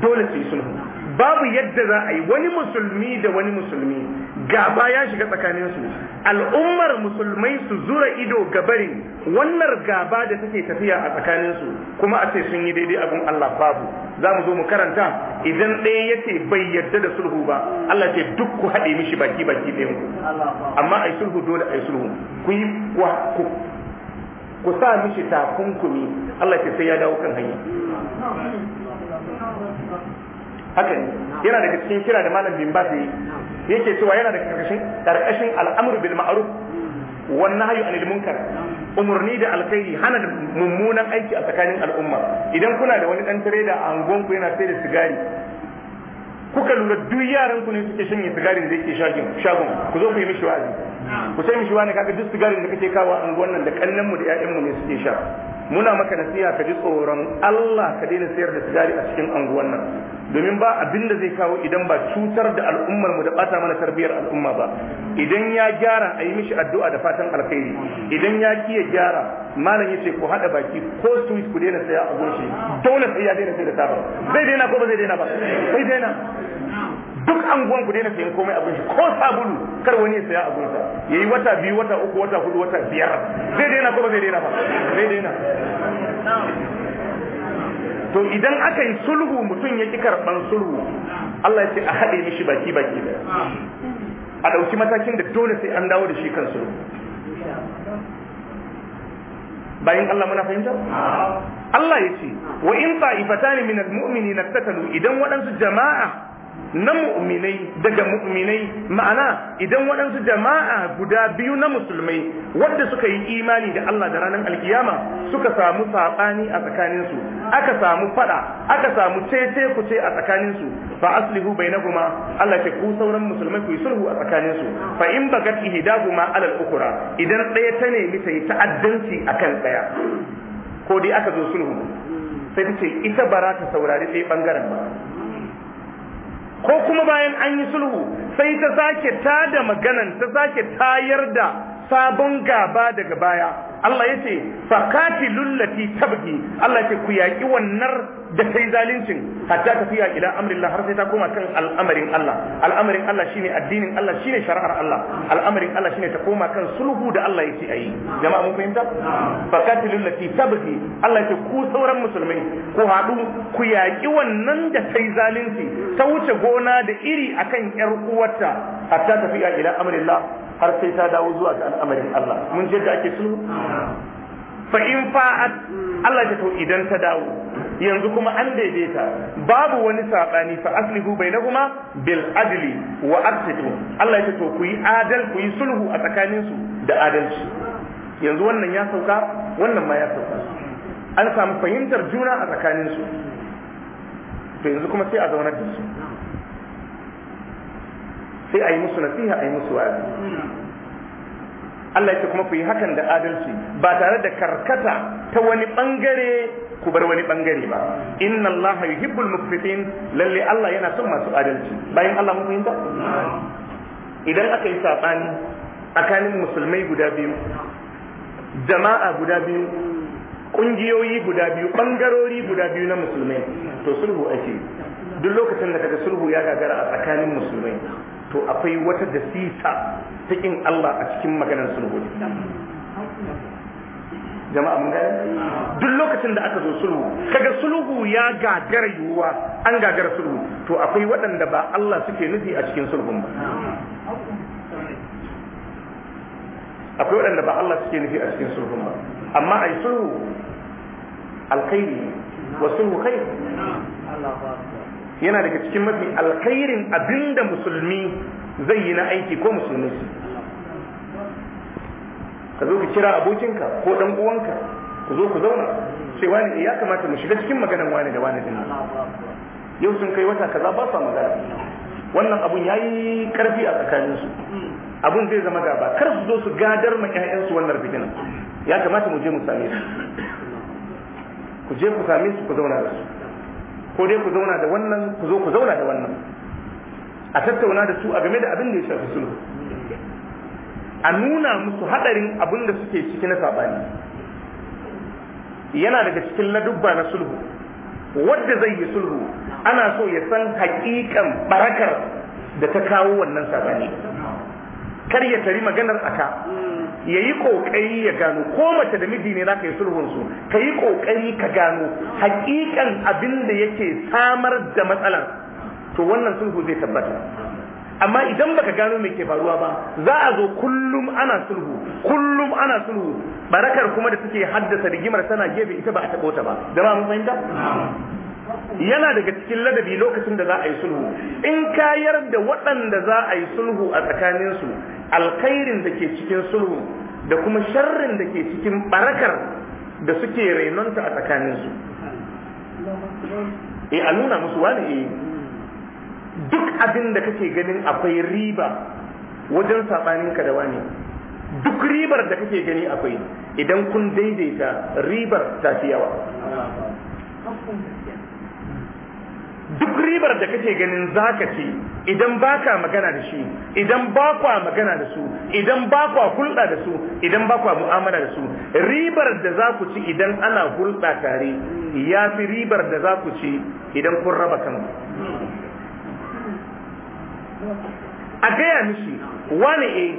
dole su yi sulhu babu yadda za a yi wani musulmi da wani musulmi gaba ya shiga tsakaninsu al'ummar musulmai su zura ido gabarin wannan gaba da take tafiya a tsakaninsu kuma a ce sun yi daidai abin Allah babu za mu zo mu karanta idan ɗaya ya ce bai yarda da sulhu ba Allah ce duk ku haɗe mishi baki baki ɗayan ku amma ai sulhu dole ai sulhu ku yi ku ku sa mishi takunkumi Allah ce sai ya dawo kan hanya haka yana daga cikin kira da malam bin ba yi yake cewa yana da karkashin karkashin al'amru bil ma'ruf wan nahyu anil munkar umurni da alkhairi hana mummunan aiki a tsakanin al'umma idan kuna da wani dan tireda a ku yana sai da sigari kuka lura duk yaran ku ne suke shanye sigari da yake shagin shagon ku zo ku yi mishi wa'azi ku sai mishi wani kaga duk sigarin da kake kawo a nan da kannanmu da mu ne suke sha muna maka nasiha ka ji tsoron Allah ka daina sayar da sigari a cikin anguwan nan domin ba abin da zai kawo idan ba cutar da al'ummar mu da bata mana tarbiyyar al'umma ba idan ya gyara a yi mishi addu'a da fatan alkhairi idan ya ki ya gyara malam yace ku hada baki ko sweet ku daina saya a goshi dole sai ya daina sai da taba zai daina ko ba zai daina ba sai daina duk anguwan ku daina sayan komai shi ko sabulu kar wani ya saya sa yayi wata biyu wata uku wata hudu wata biyar zai daina ko ba zai daina ba zai daina to idan aka yi sulhu mutum ya ki karban sulhu Allah ya ce a haɗe mishi baki baki da a ɗauki matakin da dole sai an dawo da shi kan sulhu bayan Allah muna fahimta Allah ya ce wa in ta'ifatani min al tatalu idan waɗansu jama'a na mu'minai daga mu'minai ma'ana idan waɗansu jama'a guda biyu na musulmai wadda suka yi imani da Allah da ranar alkiyama suka samu saɓani a tsakaninsu aka samu faɗa, aka samu cece ce a tsakaninsu fa aslihu bainahuma Allah ke ku sauran musulmai ku yi sulhu a tsakaninsu fa in bagat ihdahuma alal ukura idan ɗaya ta nemi ta yi ta'addanci akan ɗaya ko dai aka zo sulhu sai ta ce ita bara ta saurari sai bangaren ba bayan an yi sulhu sai ta sake tada maganan ta sake tayar da sabon gaba daga baya Allah yace fakati lullati tabghi Allah yace ku yaki wannan da kai zalincin hatta tafiya ila amrillah har sai ta koma kan al'amarin Allah al'amarin Allah shine addinin Allah shine shari'ar Allah al'amarin Allah shine ta koma kan sulhu da Allah yace ayi jama'a mun fahimta fakati lullati tabghi Allah yace ku sauran musulmai ku hadu ku yaki wannan da kai zalunci ta wuce gona da iri akan yar uwarta hatta tafiya ila amrillah har sai ta dawo zuwa ga al'amarin Allah mun je da ake sulhu fa in fa'at Allah ya to idan ta dawo yanzu kuma an daidaita babu wani sabani fa aslihu bainahuma bil adli wa aqsitu Allah ya to ku yi adal ku yi sulhu a tsakanin su da adalci yanzu wannan ya sauka wannan ma ya sauka an samu fahimtar juna a tsakanin su to yanzu kuma sai a zaunar da su sai a yi musu nasiha a yi musu wa'azi Allah ya kuma ku yi hakan da adalci ba tare da karkata ta wani bangare ku bar wani bangare ba inna Allah yuhibbul muqsitin lalle Allah yana son masu adalci bayan Allah mun fahimta idan aka yi sabani tsakanin musulmai guda biyu jama'a guda biyu kungiyoyi guda biyu bangarori guda biyu na musulmai to sulhu ake duk lokacin da kaga sulhu ya gagara a tsakanin musulmai to akwai wata dasisa ta kin Allah a cikin maganar sulhu jama'a mun gane duk lokacin da aka zo sulhu kaga sulhu ya gagara yiwuwa an gagara sulhu to akwai waɗanda ba Allah suke nufi a cikin sulhun ba akwai waɗanda ba Allah suke nufi a cikin sulhun ba amma ai sulhu alkhairi wa sulhu khair yana daga cikin mafi alkhairin abinda musulmi zai yi na aiki ko musulmi ka zo ka kira abokinka ko dan uwanka ku zo ku zauna sai wani eh, ya kamata mu shiga cikin maganan wani da wani dinna yau sun kai wata kaza ba sa magana wannan abun yayi karfi a tsakanin su abun zai zama gaba kar su zo su gadar ma ƴaƴan su wannan bikin ya kamata mu je mu same su ku je ku same su ku zauna da su ko dai ku zauna da wannan ku zo ku zauna da wannan a tattauna da su a game da abin da ya shafi sulhu a nuna musu hadarin abin da suke ciki na sabani yana daga cikin ladubba na sulhu wadda zai yi sulhu ana so ya san haƙiƙan barakar da ta kawo wannan sabani kar ya tari maganar aka Yayi yi ƙoƙari ya gano ko mace da miji ne na ka yi sulhunsu ka yi ƙoƙari ka gano hakikan abin da yake samar da matsalar to wannan sulhu zai tabbata amma idan baka gano me ke faruwa ba za a zo kullum ana sulhu kullum ana sulhu barakar kuma da take haddasa rigimar tana gefe ita ba a taɓo ta ba da ba mun fahimta yana daga cikin ladabi lokacin da za a yi sulhu in kayar da waɗanda za a yi sulhu a tsakaninsu alkhairin da ke cikin sulhu da kuma sharrin da ke cikin barakar da suke rainonta a tsakaninsu e a nuna musu wani e eh. duk abin da kake ganin akwai riba wajen saɓaninka da wani duk ribar da kake gani akwai idan kun daidaita ribar ta fi yawa duk ribar da kake ganin zaka ce idan baka magana da shi idan ba magana da su idan ba hulɗa da su idan ba mu'amala da su ribar da za ku ci idan ana hulɗa tare ya fi ribar da za ku ci idan kun raba kanku a gaya mishi wani a eh,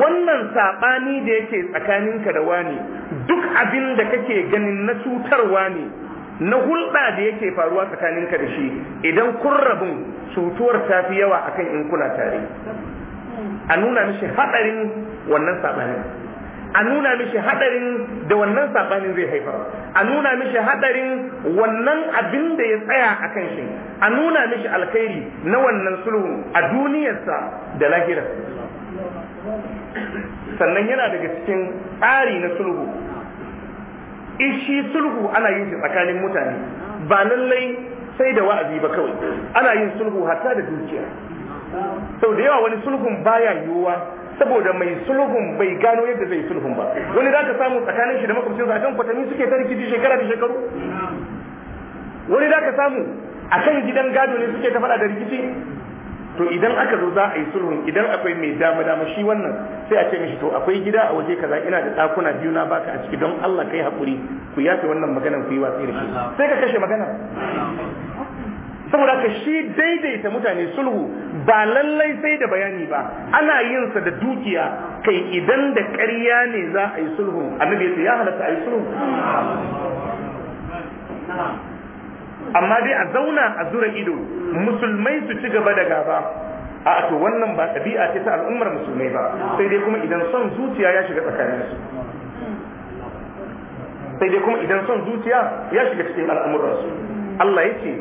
wannan saɓani da yake tsakaninka da wani duk abin da kake ganin na cutarwa ne na hulɗa da yake faruwa tsakaninka da shi idan kun rabu sutuwar ta fi yawa akan in kuna tare a nuna mishi haɗarin wannan saɓanin a nuna mishi haɗarin da wannan saɓanin zai haifar a nuna mishi haɗarin wannan abin da ya tsaya a kan shi a nuna mishi alkhairi na wannan sulhu a duniyarsa da lahira sannan yana daga cikin tsari na sulhu ishi eh, sulhu ana yin shi tsakanin mutane ba lallai sai da wa'azi ba kawai ana yin sulhu hatta da dukiya sau da yawa wani sulhun baya yiwuwa saboda mai sulhun bai gano yadda zai sulhun ba wani za ka samu tsakanin shi da sa kan kwatanni suke ta rikici shekara da shekaru wani za ka samu a kan gidan gado ne suke ta faɗa da rikici to idan aka zo za a yi sulhun idan akwai mai dama dama shi wannan sai a ce mishi to akwai gida a waje kaza ina da dakuna biyu na baka a ciki don Allah kai hakuri ku yafe wannan maganar ku yi watsi da shi sai ka kashe magana saboda ka shi daidaita mutane sulhu ba lallai sai da bayani ba ana yin sa da dukiya kai idan da ƙarya ne za a yi sulhu annabi ya halatta a yi sulhu amma dai a zauna a zura ido musulmai su ci gaba da gaba a to wannan ba ɗabi'a ce ta al'ummar musulmai ba sai dai kuma idan son zuciya ya shiga tsakaninsu sai dai kuma idan son zuciya ya shiga cikin al'amuransu Allah ya ce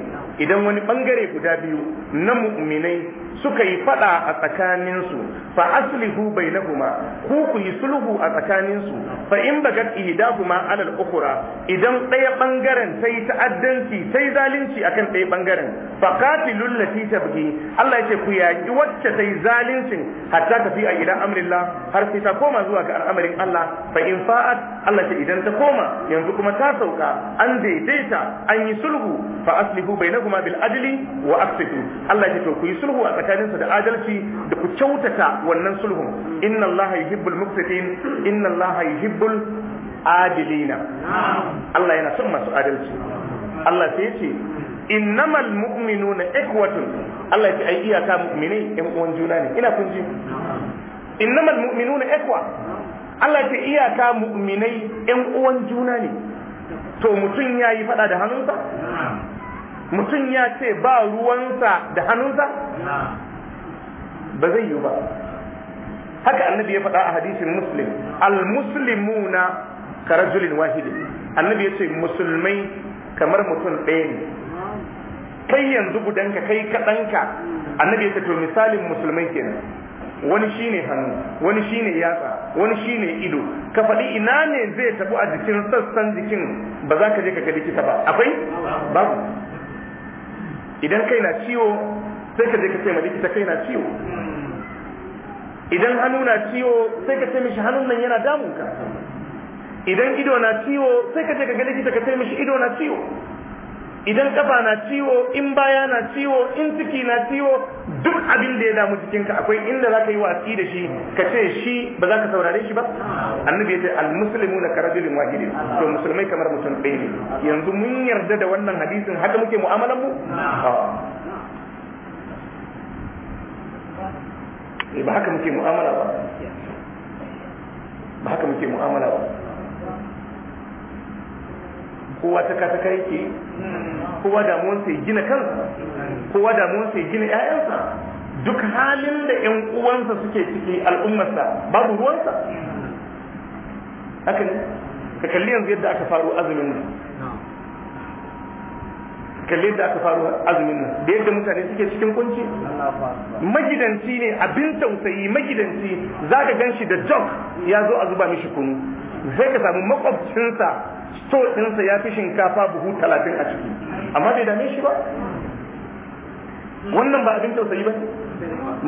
idan wani bangare guda biyu na mu'minai suka yi fada a tsakaninsu fa aslihu bainahuma ku ku yi sulhu a tsakaninsu fa in bagat ihdahuma ala al-ukhra idan daya bangaren sai ta'addanci sai zalunci akan daya bangaren fa qatilul lati tabghi Allah ya ce ku yaki wacce sai zaluncin hatta tafi a ila amrillah har sai ta koma zuwa ga al'amarin Allah fa in fa'at Allah ce idan ta koma yanzu kuma ta sauka an daidaita an yi sulhu fa aslihu bainahuma bil adli wa aqsitu Allah yace to ku yi sulhu a tsakaninsu tsakaninsa da adalci da ku kyautata wannan sulhun inna allaha yuhibbul muqsitin inna allaha hibbul adilina Allah yana son masu adalci Allah sai yace innamal mu'minuna ikhwatun Allah ya ce ai iyaka mu'minai ɗan uwan juna ne ina kun ji innamal mu'minuna ikhwa Allah ta iyaka mu'minai ƴan uwan juna ne to mutum ya yi faɗa da hannunsa mutum ya ce ba ruwansa da hannunsa ba zai yi ba haka annabi ya faɗa a hadisin muslim almuslimuna ka rajulin wahidi annabi ya ce musulmai kamar mutum ɗaya ne kai yanzu gudanka kai kaɗanka annabi ya ce to misalin musulmai kenan wani shine hannu wani shine yatsa wani shine ido ka faɗi ina ne zai tafi a jikin sassan jikin ba za ka je ka ga likita ba akwai babu idan kai na ciwo sai ka je ka ce ma likita kai na ciwo idan hannu na ciwo sai ka ce mishi hannun nan yana damun ka idan ido na ciwo sai ka je ka ga likita ka ce mishi ido na ciwo idan kafa na ciwo in baya na ciwo in ciki na ciwo duk abin da ya damu cikinka akwai inda za ka yi watsi da shi ka ce shi ba za ka saurare shi ba annabi ya ce almuslimu na karajulin wahidin to musulmai kamar mutum ɗaya ne yanzu mun yarda da wannan hadisin haka muke mu'amalan mu Eh, ba haka muke mu'amala ba ba haka muke mu'amala ba kowa ta kata kai ke kowa damuwar sai gina kansa kowa damuwar sai gina ƴaƴansa duk halin da ƴan uwansa suke ciki al'ummarsa babu ruwansa haka ne ka kalli yanzu yadda aka faru azumin kalli da aka faru azumin nan da yadda mutane suke cikin kunci magidanci ne abin tausayi magidanci za ka gan shi da jok ya zo a zuba mishi kunu zai ka samu makwabcinsa store ɗinsa ya fi shinkafa buhu talatin a ciki amma bai dame shi ba wannan ba abin tausayi ba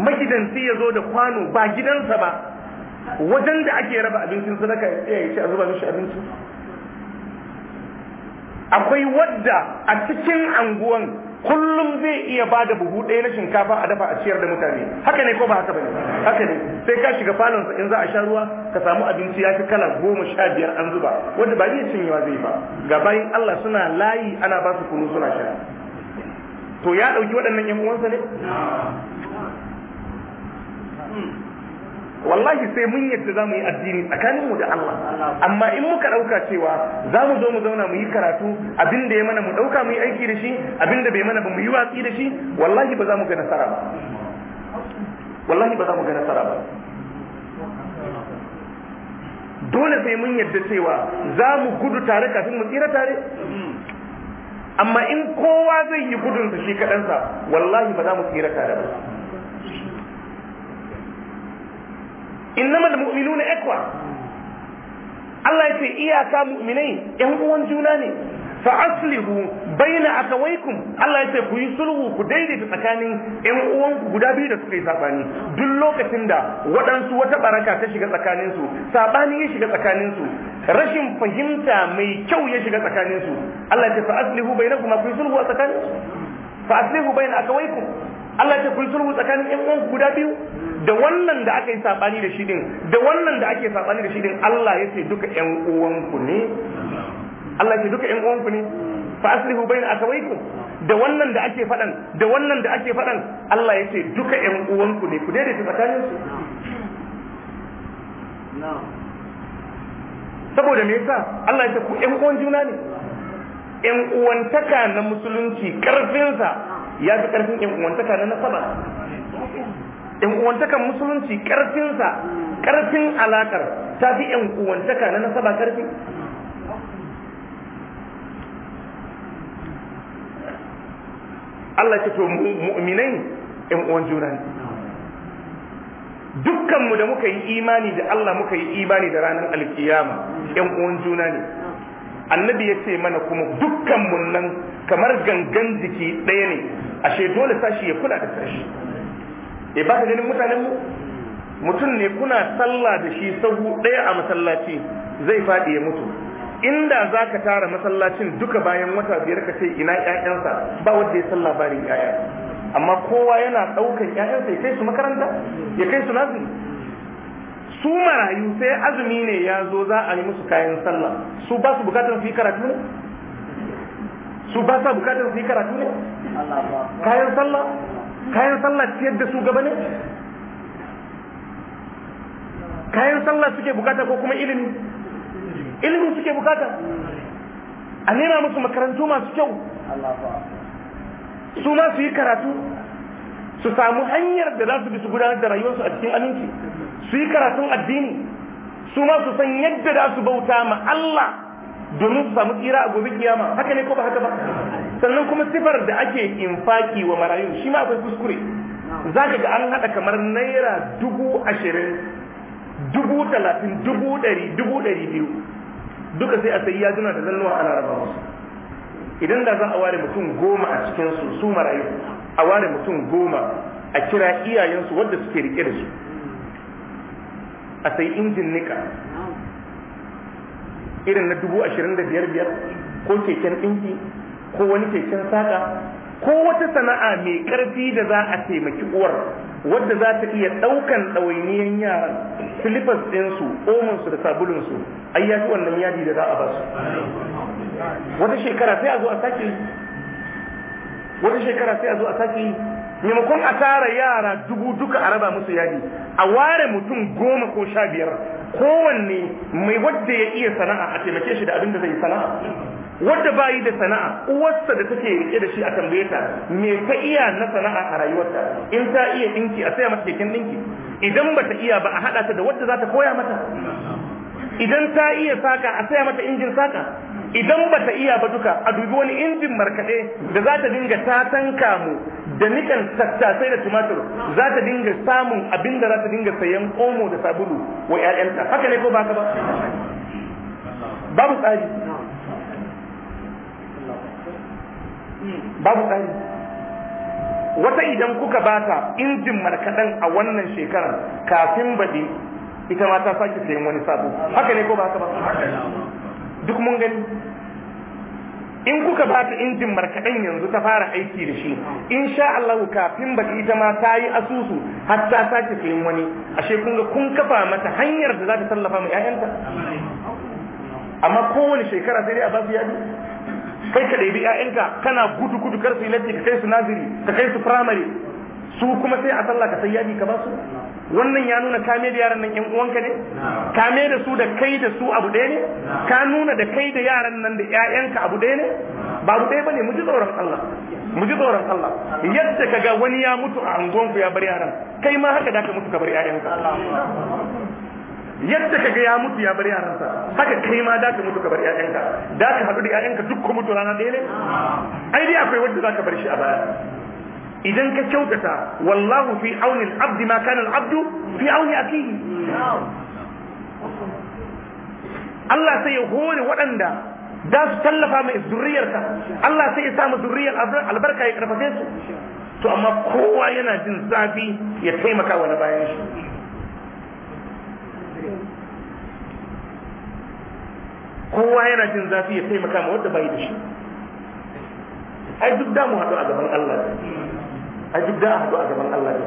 magidanci ya zo da kwano ba gidansa ba wajen da ake raba abincin sadaka ya ce a zuba mishi abinci akwai wadda a cikin anguwan kullum zai iya ba da buhu ɗaya na shinkafa a dafa a ciyar da mutane haka ne ko ba haka ba ne? haka ne sai ka shiga falonsa in za a sha ruwa ka samu abinci ya fi kala goma sha biyar an zuba Wadda ba iya cinyewa zai ba ga bayan Allah suna layi ana ba su kunu suna sha to ya ɗauki waɗannan 'yan uwansa ne wallahi sai mun yadda za mu yi addini tsakanin mu da Allah amma in muka ɗauka cewa za mu zo mu zauna mu yi karatu abin da ya mana mu ɗauka mu yi aiki da shi abin da bai mana ba mu yi watsi da shi wallahi ba za mu ga nasara ba wallahi ba za mu ga nasara ba dole sai mun yadda cewa za mu gudu tare kafin mu tsira tare amma in kowa zai yi gudunsa shi kaɗansa wallahi ba za mu tsira tare ba innamal mu'minuna ikhwa Allah ya ce iyaka mu'minai ƴan uwan juna ne fa aslihu baina akawaikum Allah ya ce ku yi sulhu ku daidaita tsakanin ƴan uwanku guda biyu da suka yi sabani duk lokacin da waɗansu wata baraka ta shiga tsakanin su sabani ya shiga tsakanin su rashin fahimta mai kyau ya shiga tsakanin su Allah ya ce fa aslihu bainakum ku yi sulhu a tsakanin su fa aslihu baina akawaikum Allah ce kun sulhu tsakanin ƴan uwanku guda biyu da wannan da aka yi sabani da shi din da wannan da ake sabani da shi din Allah ya ce duka ƴan uwanku ne Allah ya ce duka ƴan uwanku ne fa aslihu bayna akawaykum da wannan da ake fadan da wannan da ake fadan Allah ya ce duka ƴan uwanku ne ku daidaita tsakanin su saboda me yasa Allah ya ce ku ƴan uwan juna ne ƴan uwantaka na musulunci sa ya fi karfin yan uwantaka na nasaba yan uwantakan musulunci ƙarfinsa, karfin alakar ta fi yan uwantaka na nasaba karfi Allah ce to mu'minai yan uwan juna ne dukkanmu da muka yi imani da Allah muka yi imani da ranar alkiyama yan uwan juna ne annabi ya ce mana kuma dukkanmu nan kamar gangan jiki ɗaya ne ashe dole sashi ya kula da sashi e ba ka ganin mutanenmu? mutum ne kuna sallah da shi sahu ɗaya a masallaci zai faɗi ya mutu inda za ka tara masallacin duka bayan wata biyar ka ce ina ƴaƴansa ba wanda ya san labarin ƴaƴa amma kowa yana ɗaukan ƴaƴansa ya kai su makaranta ya kai su naziri su marayu sai azumi ne ya zo za a yi musu kayan sallah su ba su bukatar su yi karatu ne su ba sa bukatar su yi karatu ne kayan sallah kayan sallah ciyar da su gaba ne kayan sallah suke bukata ko kuma ilimi ilimi suke bukata a nema musu makarantu masu kyau su ma su yi karatu su samu hanyar da za su bi su gudanar da rayuwarsu a cikin aminci su yi karatun addini su ma su san yadda za su bauta ma Allah domin su samu tsira a gobe kiyama haka ne ko ba haka ba sannan kuma sifar da ake infaki wa marayu shi ma akwai kuskure za ka ga an haɗa kamar naira dubu ashirin dubu talatin dubu ɗari dubu ɗari biyu duka sai a sayi yaduna da zannuwa ana raba idan da za a ware mutum goma a cikinsu su marayu a ware mutum goma a kira iyayensu wadda suke rike da su a sai injin nika irin na dubu ashirin da biyar biyar ko keken ɗinki ko wani keken saƙa ko wata sana'a mai ƙarfi da za a taimaki uwar wadda za ta iya ɗaukan ɗawainiyan yara silifas ɗinsu omansu da sabulunsu ai ya fi wannan yadi da za a ba su wata shekara sai a zo a sake wata shekara sai a zo a sake maimakon a tara yara dubu duka a raba musu yadi a ware mutum goma ko sha biyar kowanne mai wadda ya iya sana'a a taimake shi da abin da zai sana'a wadda ba yi da sana'a uwarsa da take rike da shi a tambaye ta me ka iya na sana'a a rayuwarta in ta iya dinki a saya mata keken dinki idan ba ta iya ba a haɗa ta da wadda za ta koya mata idan ta iya saka a saya mata injin saka idan ba ta iya ba duka a dubi wani injin markaɗe da za ta dinga tatan kamu da nikan tattasai da tumatur za ta dinga samun abin da za ta dinga sayan omo da sabulu wa 'ya'yanta haka ne ko ba ka ba babu tsari babu tsari wata idan kuka bata injin markaɗen a wannan shekarar kafin baɗi ita ma ta sake sayan wani sabo haka ne ko ba ka ba duk mun gani in kuka ba ta injin markaɗen yanzu ta fara aiki da shi in sha Allah kafin ba ita ma ta yi asusu har ta sake sayin wani ashe kun ga kun kafa mata hanyar da za ta tallafa ma 'ya'yanta amma kowane shekara sai dai a basu yadi kai ka ɗebi 'ya'yanka kana gudu gudu kar su yi lafiya ka kai su naziri ka kai su firamare su kuma sai a sallah ka sai yadi ka basu wannan ya nuna kame da yaran nan yan uwanka ne kame da su da kai da su abu ɗaya ne ka nuna da kai da yaran nan da ƴaƴanka abu ɗaya ne ba abu ɗaya bane mu ji tsoron Allah mu ji tsoron Allah yadda kaga wani ya mutu a anguwanku ya bar yaran kai ma haka da ka mutu ka bar ƴaƴanka yadda kaga ya mutu ya bar yaransa haka kai ma da ka mutu ka bar ƴaƴanka da ka haɗu da ƴaƴanka duk ku mutu rana ɗaya ne ai dai akwai wanda za ka bar shi a baya idan ka kyautata wallahu fi aunin abdi abd ma kana al fi auni akihi Allah sai ya hore waɗanda za su tallafa mai zuriyarka Allah sai ya samu zurriyar albarka ya karfafe su to amma kowa yana jin zafi ya taimaka wani bayan shi kowa yana jin zafi ya taimaka ma wanda bai da shi ai duk damu haɗu a gaban Allah a duk da a haɗu a gaban Allah ne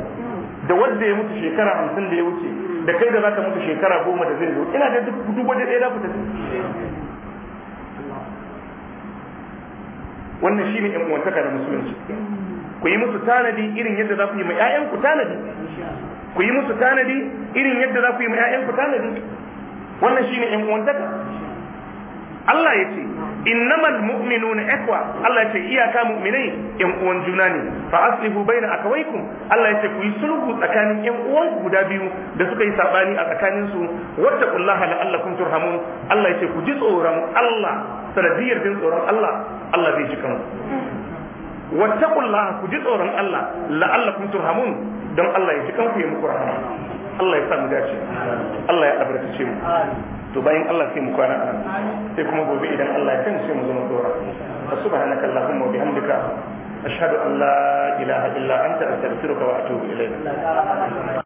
da wanda ya mutu shekara hamsin da ya wuce da kai da zaka mutu shekara goma da zai zo ina da duk waje ɗaya za ku tafi wannan shine yan uwantaka da musulunci ku yi musu tanadi irin yadda za ku yi ma 'ya'yanku tanadi ku yi musu tanadi irin yadda za ku yi ma 'ya'yanku tanadi wannan shine yan uwantaka Allah ya ce innamal mu'minuna ikhwa Allah ya ce iyaka mu'minai yan uwan juna ne fa aslihu baina akawaykum Allah ya ce ku yi sulhu tsakanin yan uwan guda biyu da suka yi saɓani a tsakanin su wattaqullaha la'allakum turhamun Allah ya ce ku ji tsoron Allah sanadiyar jin tsoron Allah Allah zai ji kanku wattaqullaha ku ji tsoron Allah la'allakum turhamun don Allah ya ji rahama Allah ya Allah ya mu to bayan Allah sai mu kwana a sai kuma gobe idan Allah ya kan sai mu zo mu dora subhanaka allahumma wa bihamdika ashhadu an la ilaha illa anta astaghfiruka wa atubu ilayk